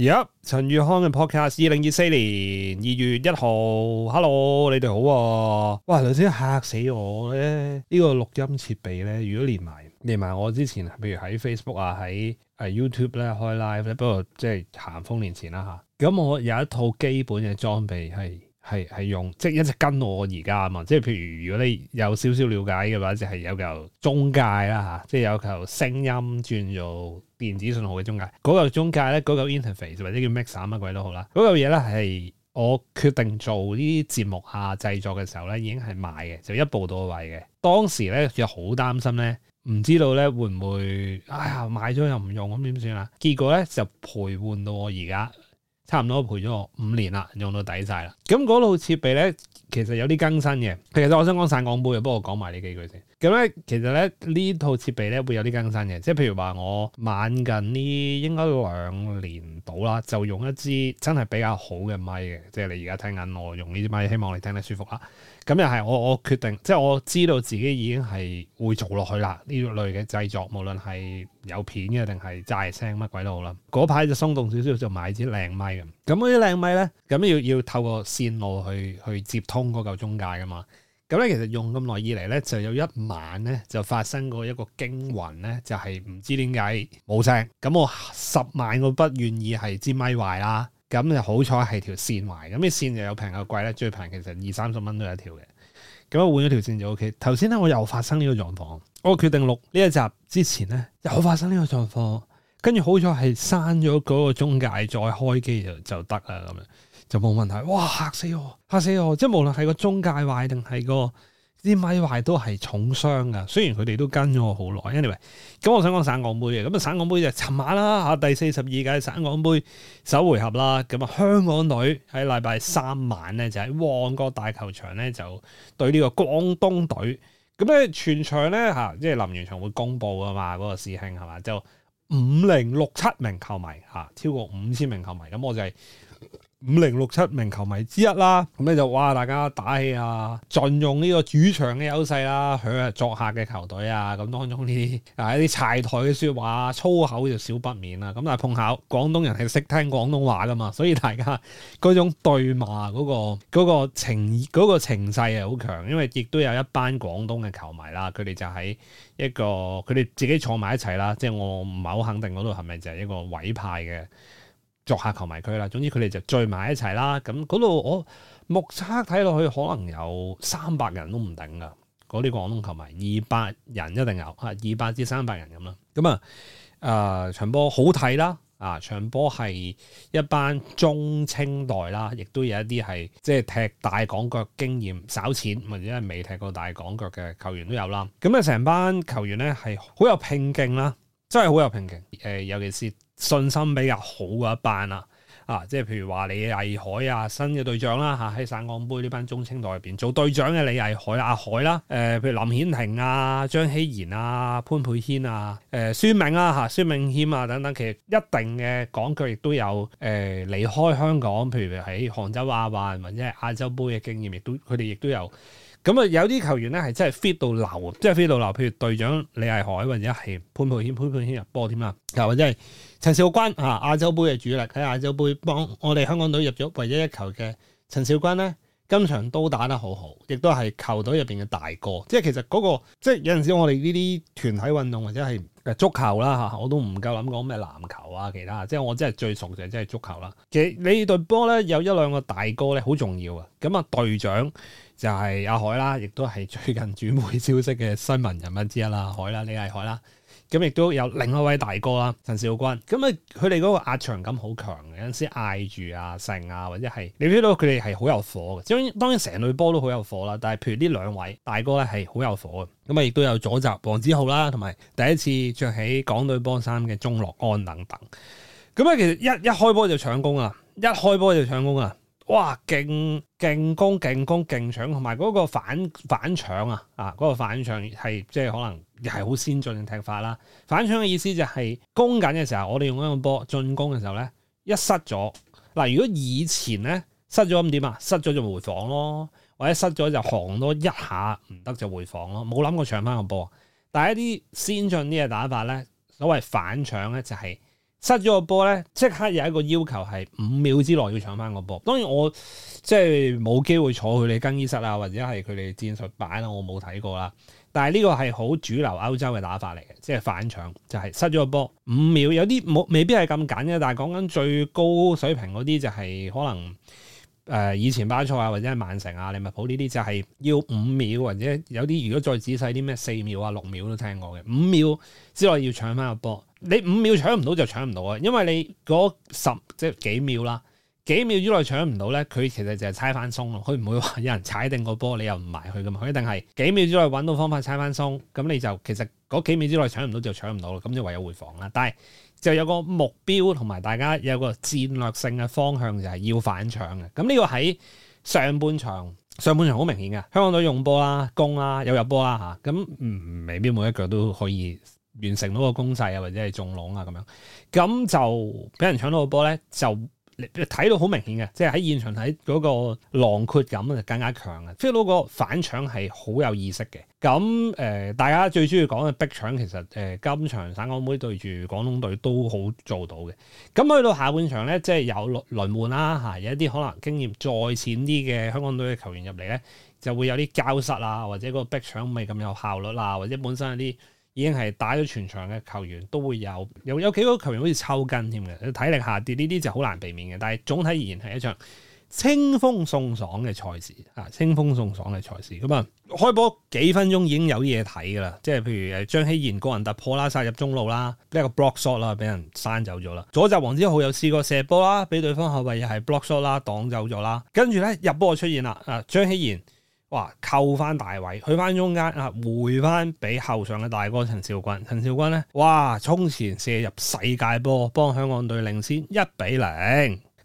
而家陳宇康嘅 podcast，二零二四年二月一號，hello，你哋好啊！哇，頭先吓死我咧，這個、錄呢個錄音設備咧，如果連埋連埋我之前，譬如喺 Facebook 啊，喺誒 YouTube 咧開 live 咧，不過即係咸豐年前啦吓。咁我有一套基本嘅裝備係係係用，即係一直跟我而家啊嘛。即係譬如如果你有少少了解嘅話，就係有個中介啦吓，即係有個聲音轉做。電子信號嘅中介，嗰嚿中介咧，嗰嚿 interface 或者叫 mixer 乜鬼都好啦，嗰嚿嘢咧係我決定做呢啲節目下製作嘅時候咧，已經係買嘅，就一步到位嘅。當時咧就好擔心咧，唔知道咧會唔會，哎呀買咗又唔用咁點算啊？結果咧就陪伴到我而家，差唔多陪咗我五年啦，用到底晒啦。咁嗰套設備咧。其實有啲更新嘅，其實我想講散講杯嘅，不過講埋呢幾句先。咁、嗯、咧，其實咧呢套設備咧會有啲更新嘅，即係譬如話我晚近呢應該兩年到啦，就用一支真係比較好嘅咪嘅，即係你而家聽緊我用呢支咪，希望你聽得舒服啦。咁又係我我決定，即係我知道自己已經係會做落去啦，呢類嘅製作，無論係有片嘅定係齋聲乜鬼都好啦。嗰排就鬆動少少就買支靚咪。嘅、嗯，咁嗰啲靚咪咧，咁、嗯、要要透過線路去去接通。用嗰嚿中介噶嘛，咁咧其實用咁耐以嚟咧就有一晚咧就發生過一個驚魂咧，就係、是、唔知點解冇聲，咁我十萬個不願意係支咪壞啦，咁就好彩係條線壞，咁啲線就有平有貴咧，最平其實二三十蚊都有一條嘅，咁我換咗條線就 OK。頭先咧我又發生呢個狀況，我決定錄呢一集之前咧又發生呢個狀況，跟住好彩係刪咗嗰個中介再開機就就得啦咁樣。就冇問題，哇嚇死我嚇死我！即係無論係個中介壞定係個啲米壞，都係重傷噶。雖然佢哋都跟咗我好耐，anyway 咁我想講省港杯嘅，咁啊省港杯就尋晚啦嚇第四十二屆省港杯首回合啦，咁啊香港隊喺禮拜三晚咧就喺、是、旺角大球場咧就對呢個廣東隊，咁咧全場咧嚇即係臨完場會公布噶嘛嗰個師兄係嘛，那個、就五零六七名球迷嚇超過五千名球迷，咁我就係、是。五零六七名球迷之一啦，咁咧就哇，大家打氣啊，盡用呢個主場嘅優勢啦，響係、啊、作客嘅球隊啊，咁當中呢啲啊一啲柴台嘅説話粗口就少不免啦、啊。咁但係碰巧廣東人係識聽廣東話噶嘛，所以大家嗰種對罵嗰、那個那個嗰個嗰個情嗰、嗰個、情勢係好強，因為亦都有一班廣東嘅球迷啦，佢哋就喺一個佢哋自己坐埋一齊啦。即、就、係、係、我唔係好肯定嗰度係咪就係一個委派嘅。作客球迷區啦，總之佢哋就聚埋一齊啦。咁嗰度我目測睇落去，可能有三百人都唔定㗎。嗰啲廣東球迷二百人一定有，吓二百至三百人咁啦。咁啊，誒、呃、場波好睇啦。啊，場波係一班中青代啦，亦都有一啲係即係踢大港腳經驗稍淺，或者係未踢過大港腳嘅球員都有啦。咁啊，成班球員咧係好有拼勁啦。真係好有拼勁，誒、呃、尤其是信心比較好嘅一班啦、啊，啊，即係譬如話你魏，啊啊魏啊海啊，新嘅隊長啦嚇，喺省港杯呢班中青代入邊做隊長嘅李魏海啊海啦，誒譬如林顯廷啊、張希然啊、潘佩軒啊、誒、呃、孫明啊、嚇、啊、孫銘謙啊等等，其實一定嘅港腳亦都有，誒、呃、離開香港，譬如喺杭州亞、啊、運或者係亞洲杯嘅經驗，亦都佢哋亦都有。咁啊，有啲球員咧係真係 fit 到流，即係 fit 到流。譬如隊長李毅凱，或者係潘佩軒，潘佩軒入波添啦，又或者係陳肇鈞啊，亞洲杯嘅主力喺亞洲杯幫我哋香港隊入咗唯一一球嘅陳肇鈞咧，今場都打得好好，亦都係球隊入邊嘅大哥。即係其實嗰個，即係有陣時我哋呢啲團體運動或者係。足球啦吓，我都唔夠諗講咩籃球啊，其他即係我真係最熟就係即係足球啦。其實你隊波咧有一兩個大哥咧好重要啊，咁啊隊長就係阿海啦，亦都係最近轉會消息嘅新聞人物之一啦，海啦，你係海啦。咁亦都有另一位大哥啦，陳肇鈞。咁啊，佢哋嗰個壓場感好強嘅，有陣時嗌住啊成啊，或者係你知道佢哋係好有火嘅。當然當然成隊波都好有火啦，但係譬如呢兩位大哥咧係好有火嘅。咁啊，亦都有左閘黃子浩啦，同埋第一次着起港隊波衫嘅鐘樂安等等。咁啊，其實一一開波就搶攻啊，一開波就搶攻啊。哇，勁勁攻、勁攻、勁搶，同埋嗰個反反搶啊！啊，嗰個反搶係即係可能又係好先進嘅踢法啦。反搶嘅意思就係，攻緊嘅時候，我哋用一個波進攻嘅時候咧，一失咗嗱、啊。如果以前咧失咗咁點啊？失咗就回防咯，或者失咗就行多一下，唔得就回防咯。冇諗過搶翻個波。但係一啲先進啲嘅打法咧，所謂反搶咧就係。失咗個波呢，即刻有一個要求係五秒之內要搶翻個波。當然我即係冇機會坐佢哋更衣室啊，或者係佢哋戰術板啦，我冇睇過啦。但係呢個係好主流歐洲嘅打法嚟嘅，即係反搶就係、是、失咗個波五秒，有啲冇未必係咁簡嘅。但係講緊最高水平嗰啲就係可能。誒、呃、以前巴塞啊，或者係曼城啊、利物浦呢啲就係要五秒，或者有啲如果再仔細啲咩四秒啊、六秒都聽過嘅。五秒之內要搶翻個波，你五秒搶唔到就搶唔到啊，因為你嗰十即係幾秒啦，幾秒之內搶唔到咧，佢其實就係猜翻鬆咯，佢唔會話有人踩定個波，你又唔埋佢噶嘛，佢一定係幾秒之內揾到方法猜翻鬆，咁你就其實嗰幾秒之內搶唔到就搶唔到啦，咁就唯有回防啦，但係。就有個目標同埋大家有個戰略性嘅方向，就係要反搶嘅。咁呢個喺上半場，上半場好明顯嘅，香港隊用波啦，攻啦，有入波啦嚇，咁、啊嗯、未必每一腳都可以完成到個攻勢啊，或者係中籠啊咁樣，咁就俾人搶到個波咧就。你睇到好明顯嘅，即係喺現場睇嗰個浪闊感就更加強嘅。f e e 到個反搶係好有意識嘅。咁誒、呃，大家最主意講嘅逼搶，其實誒、呃、今場省港隊對住廣東隊都好做到嘅。咁去到下半場咧，即係有輪，輪換啦、啊，嚇、啊，有一啲可能經驗再淺啲嘅香港隊嘅球員入嚟咧，就會有啲交失啊，或者個逼搶唔係咁有效率啊，或者本身有啲。已經係打咗全場嘅球員都會有，有有幾個球員好似抽筋添嘅，體力下跌呢啲就好難避免嘅。但係總體而言係一場清風送爽嘅賽事啊，清風送爽嘅賽事。咁啊，開波幾分鐘已經有嘢睇噶啦，即係譬如誒張希賢個人突破啦，殺入中路啦，呢個 block shot 啦，俾人刪走咗啦。左閘王之浩又試過射波啦，俾對方後衞又係 block shot 啦，擋走咗啦。跟住咧入波出現啦，啊張希賢。哇！扣翻大位，去翻中間啊，回翻俾後上嘅大哥陳肇鈞。陳肇鈞咧，哇！衝前射入世界波，幫香港隊領先一比零。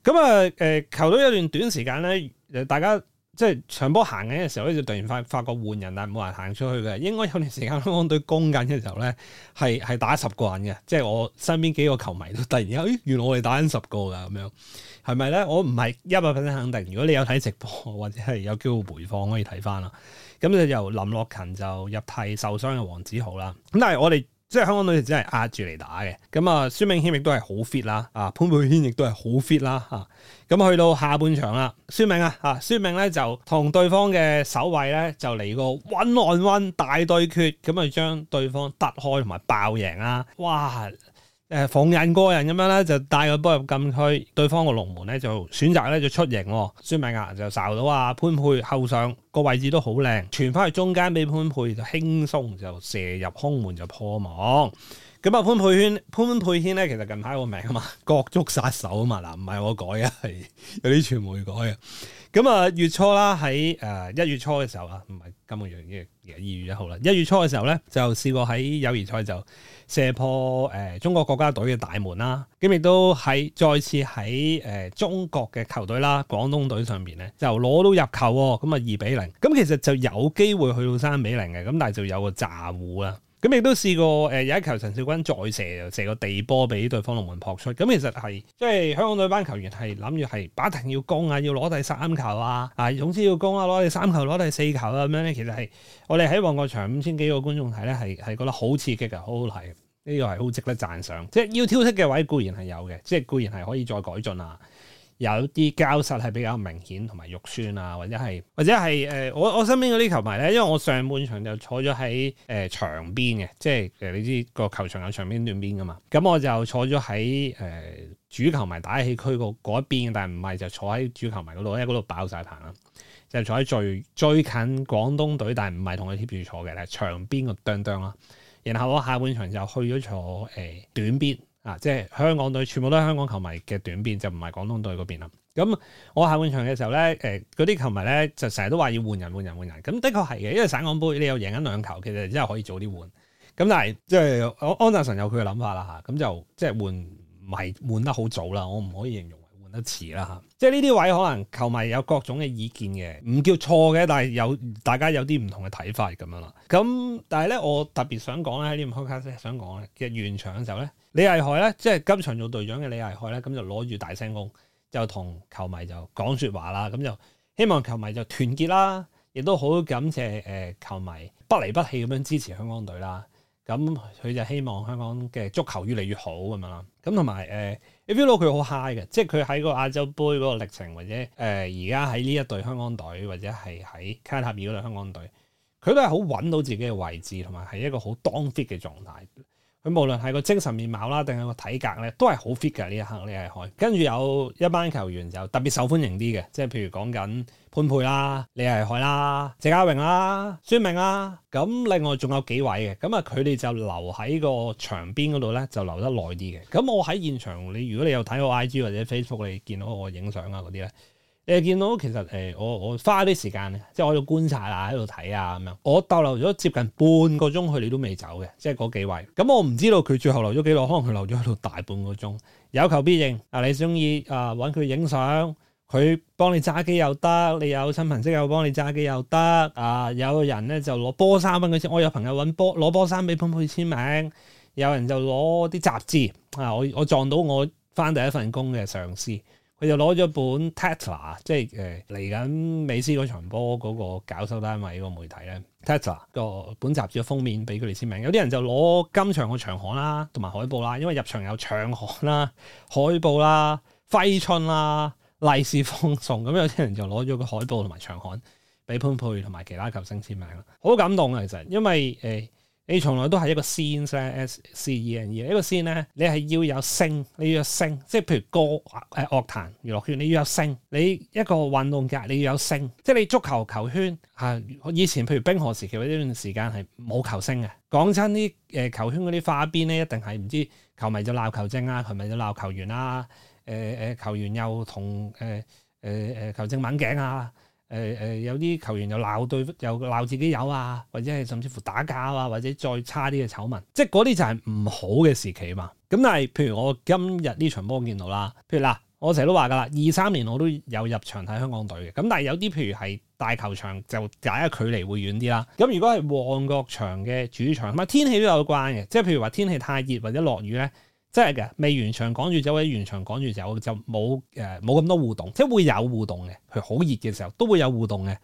咁、嗯、啊，誒、呃，球到一段短時間咧，誒，大家即係長波行緊嘅時候咧，就突然發發覺換人但係冇人行出去嘅。應該有段時間香港隊攻緊嘅時候咧，係係打十個人嘅。即係我身邊幾個球迷都突然間，咦，原來我哋打緊十個噶咁樣。係咪咧？我唔係一百 percent 肯定。如果你有睇直播或者係有機會回放可以睇翻啦。咁、嗯、就由林洛勤就入替受傷嘅黃子豪啦。咁但係我哋即係香港女士，真係壓住嚟打嘅。咁啊，孫明軒亦都係好 fit 啦。啊，潘佩軒亦都係好 fit 啦。嚇、啊，咁、嗯、去到下半場啦，孫明啊，嚇孫明咧就同對方嘅守衞咧就嚟個 one on one 大對決，咁啊將對方突開同埋爆贏啊！哇！誒、呃，逢人過人咁樣咧，就帶佢波入禁區，對方個龍門咧就選擇咧就出迎喎，孫敏牙就哨到啊潘佩後上。個位置都好靚，傳翻去中間俾潘佩就輕鬆就射入空門就破網。咁啊潘佩軒潘佩軒咧，其實近排個名啊嘛，國足殺手啊嘛嗱，唔係我改嘅，係有啲傳媒改嘅。咁啊月初啦，喺誒一月初嘅時候啊，唔係今個月，而二月一號啦，一月初嘅時候咧就試過喺友誼賽就射破誒、呃、中國國家隊嘅大門啦。咁亦都係再次喺誒中國嘅球隊啦，廣東隊上邊咧就攞到入球喎，咁啊二比零，咁其實就有機會去到三比零嘅，咁但係就有個詐糊啦。咁亦都試過誒有一球陳少君再射射個地波俾對方龍門撲出，咁其實係即係香港隊班球員係諗住係不停要攻啊，要攞第三球啊，啊總之要攻啦，攞第三球，攞第四球咁樣咧，其實係我哋喺旺角場五千幾個觀眾睇咧，係係覺得好刺激嘅，好好睇。呢個係好值得讚賞，即係要挑剔嘅位固然係有嘅，即係固然係可以再改進啊！有啲膠實係比較明顯，同埋肉酸啊，或者係或者係誒，我我身邊嗰啲球迷咧，因為我上半場就坐咗喺誒場邊嘅，即係誒你知個球場有場邊、短邊噶嘛，咁我就坐咗喺誒主球迷打氣區個嗰一邊，但係唔係就坐喺主球迷嗰度，因為嗰度爆晒棚啦，就坐喺最最近廣東隊，但係唔係同佢貼住坐嘅，係場邊個釘釘啦。然後我下半場就去咗坐誒短邊啊，即係香港隊全部都係香港球迷嘅短邊，就唔係廣東隊嗰邊啦。咁、嗯、我下半場嘅時候咧，誒嗰啲球迷咧就成日都話要換人換人換人，咁、嗯、的確係嘅，因為省港杯你又贏緊兩球，其實真係可以早啲換。咁、嗯、但係即係安安達臣有佢嘅諗法啦嚇，咁、啊、就即係換唔係換得好早啦，我唔可以形容。一次啦嚇，即係呢啲位可能球迷有各種嘅意見嘅，唔叫錯嘅，但係有大家有啲唔同嘅睇法咁樣啦。咁但係咧，我特別想講咧喺呢個開卡想講咧，其實完場嘅時候咧，李毅海咧即係今場做隊長嘅李毅海咧，咁就攞住大聲公，就同球迷就講説話啦，咁就希望球迷就團結啦，亦都好感謝誒、呃、球迷不離不棄咁樣支持香港隊啦。咁佢就希望香港嘅足球越嚟越好咁樣啦。咁同埋誒你 feel 到佢好 high 嘅，即係佢喺個亞洲盃嗰個歷程，或者誒而家喺呢一隊香港隊，或者係喺卡塔爾嗰隊香港隊，佢都係好揾到自己嘅位置，同埋係一個好 down fit 嘅狀態。佢無論係個精神面貌啦，定係個體格咧，都係好 fit 嘅呢一刻。李毅海，跟住有一班球員就特別受歡迎啲嘅，即係譬如講緊潘佩啦、 李毅海啦、 謝家榮啦、 孫明啦，咁另外仲有幾位嘅，咁啊佢哋就留喺個場邊嗰度咧，就留得耐啲嘅。咁 我喺現場，你如果你有睇過我 IG 或者 Facebook，你見到我影相啊嗰啲咧。你見到其實誒，我我花啲時間咧，即係我喺度觀察啊，喺度睇啊咁樣，我逗留咗接近半個鐘，佢哋都未走嘅，即係嗰幾位。咁我唔知道佢最後留咗幾耐，可能佢留咗喺度大半個鐘。有求必應啊！你中意啊，揾佢影相，佢幫你揸機又得，你有親朋戚友幫你揸機又得啊！有人咧就攞波衫嗰陣時，我有朋友揾波攞波衫俾潘佩簽名，有人就攞啲雜誌啊！我我撞到我翻第一份工嘅上司。佢就攞咗本 Tatler，即係誒嚟緊美斯嗰場波嗰個搞手單位個媒體咧，Tatler 個本雜誌嘅封面俾佢哋簽名。有啲人就攞今場個場刊啦，同埋海報啦，因為入場有場刊啦、海報啦、揮春啦、利是封放送咁，有啲人就攞咗個海報同埋場刊俾潘佩同埋其他球星簽名啦，好感動啊！其實因為誒。呃你從來都係一個 scene 咧，S C E N E 呢個 scene 咧，你係要有星，你要有星，即係譬如歌誒樂壇娛樂圈你要有星，你一個運動界你要有星，即係你足球球圈嚇、啊，以前譬如冰河時期嗰一段時間係冇球星嘅，講真啲誒球圈嗰啲花邊咧，一定係唔知球迷就鬧球證啊，球迷就鬧球員啊，誒、呃、誒球員又同誒誒誒球證掹頸啊。誒誒、呃，有啲球員又鬧對，又鬧自己有啊，或者係甚至乎打架啊，或者再差啲嘅醜聞，即係嗰啲就係唔好嘅時期嘛。咁但係，譬如我今日呢場波見到啦，譬如嗱，我成日都話噶啦，二三年我都有入場睇香港隊嘅。咁但係有啲譬如係大球場就大家距離會遠啲啦。咁如果係旺角場嘅主場，咁啊天氣都有關嘅，即係譬如話天氣太熱或者落雨咧。即係嘅，未完場趕住走，或者完場趕住走，就冇誒冇咁多互動，即係會有互動嘅，佢好熱嘅時候都會有互動嘅。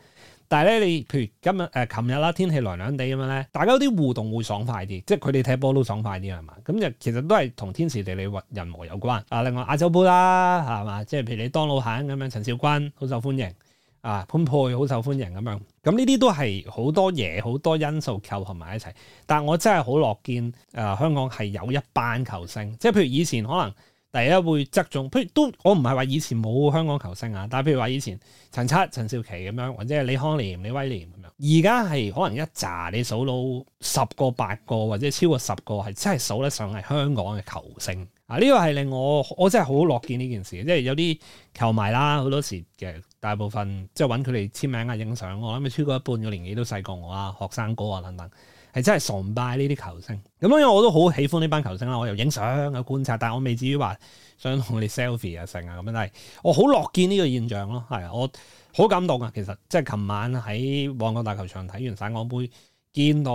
但係咧，你譬如今日，呃，誒琴日啦，天氣涼涼地咁樣咧，大家有啲互動會爽快啲，即係佢哋踢波都爽快啲係嘛？咁就其實都係同天時地利運人和有關。啊，另外亞洲杯啦係嘛？即係譬如你當老闆咁樣，陳少君好受歡迎。啊，潘佩好受歡迎咁樣，咁呢啲都係好多嘢，好多因素構合埋一齊。但係我真係好樂見，誒、呃、香港係有一班球星，即係譬如以前可能。第一會側重，譬如都我唔係話以前冇香港球星啊，但係譬如話以前陳七、陳少琪咁樣，或者係李康廉、李威廉咁樣，而家係可能一紮你數到十個、八個或者超過十個，係真係數得上係香港嘅球星啊！呢個係令我我真係好樂見呢件事，即係有啲球迷啦，好多時嘅大部分即係揾佢哋簽名啊、影相，我諗咪超過一半嘅年紀都細過我啊，學生哥啊等等。係真係崇拜呢啲球星，咁因為我都好喜歡呢班球星啦，我又影相啊、觀察，但我未至於話想同你 selfie 啊、成啊咁樣，但係我好樂見呢個現象咯，係我好感動啊。其實即係琴晚喺旺角大球場睇完省港杯，見到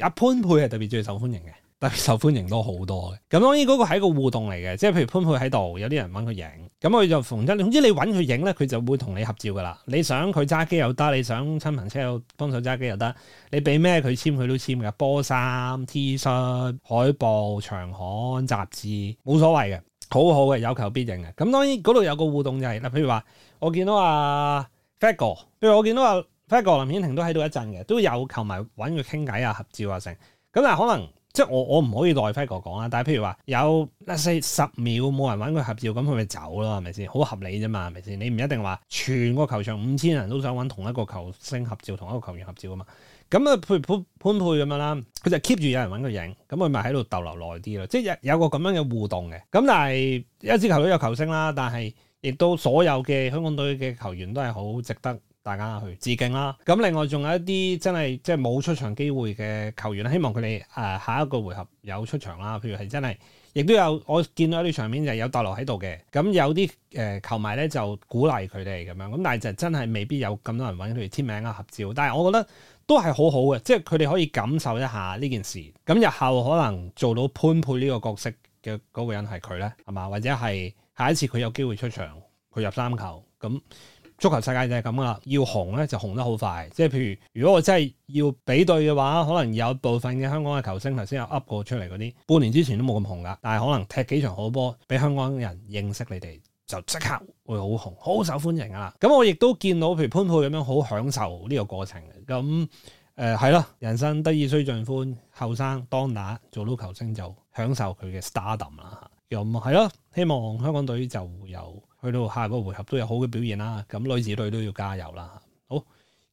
阿潘佩係特別最受歡迎嘅。受歡迎都好多嘅，咁當然嗰個係一個互動嚟嘅，即係譬如潘佩喺度，有啲人揾佢影，咁佢就逢親，總之你揾佢影咧，佢就會同你合照㗎喇。你想佢揸機又得，你想親朋戚友幫手揸機又得，你俾咩佢簽佢都簽㗎。波衫、T 恤、海報、場刊、雜誌，冇所謂嘅，好好嘅，有求必應嘅。咁當然嗰度有個互動就係，嗱，譬如話我見到阿、啊、Faker，譬如我見到阿、啊、Faker、Girl，林顯廷都喺度一陣嘅，都有球迷揾佢傾偈啊、合照啊成，咁啊可能。即係我我唔可以代輝哥講啦，但係譬如話有 l 四十秒冇人揾佢合照，咁佢咪走咯，係咪先？好合理啫嘛，係咪先？你唔一定話全個球場五千人都想揾同一個球星合照，同一個球員合照啊嘛。咁啊，譬如潘潘佩咁樣啦，佢就 keep 住有人揾佢影，咁佢咪喺度逗留耐啲咯。即係有有個咁樣嘅互動嘅。咁但係一支球隊有球星啦，但係亦都所有嘅香港隊嘅球員都係好值得大家去致敬啦！咁另外仲有一啲真係即係冇出場機會嘅球員啦，希望佢哋誒下一個回合有出場啦。譬如係真係亦都有我見到啲場面就有逗留喺度嘅。咁有啲誒球迷咧就鼓勵佢哋咁樣，咁但係就真係未必有咁多人揾譬如簽名啊、合照。但係我覺得都係好好嘅，即係佢哋可以感受一下呢件事。咁日後可能做到潘佩呢個角色嘅嗰個人係佢咧，係嘛？或者係下一次佢有機會出場，佢入三球咁。足球世界就係咁啦，要紅咧就紅得好快。即係譬如，如果我真係要比對嘅話，可能有部分嘅香港嘅球星頭先有噏過出嚟嗰啲，半年之前都冇咁紅噶，但係可能踢幾場好波，俾香港人認識你哋，就即刻會好紅，好受歡迎啊！咁我亦都見到，譬如潘佩咁樣好享受呢個過程嘅。咁誒係咯，人生得意須盡歡，後生當打做到球星就享受佢嘅 stardom 啦。咁係咯，希望香港隊就有。去到下個回合都有好嘅表現啦，咁女子隊都要加油啦。好，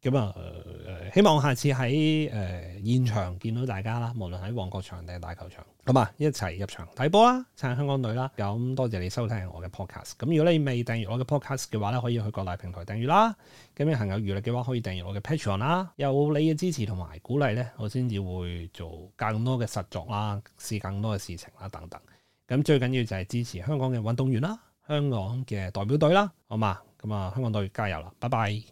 咁啊、呃，希望下次喺誒、呃、現場見到大家啦，無論喺旺角場定係大球場，咁啊一齊入場睇波啦，撐香港隊啦。咁多謝你收聽我嘅 podcast。咁如果你未訂閱我嘅 podcast 嘅話咧，可以去各大平台訂閱啦。咁如果行有餘力嘅話，可以訂閱我嘅 patreon 啦。有你嘅支持同埋鼓勵咧，我先至會做更多嘅實作啦，試更多嘅事情啦等等。咁最緊要就係支持香港嘅運動員啦。香港嘅代表隊啦，好嘛？咁啊，香港隊加油啦！拜拜。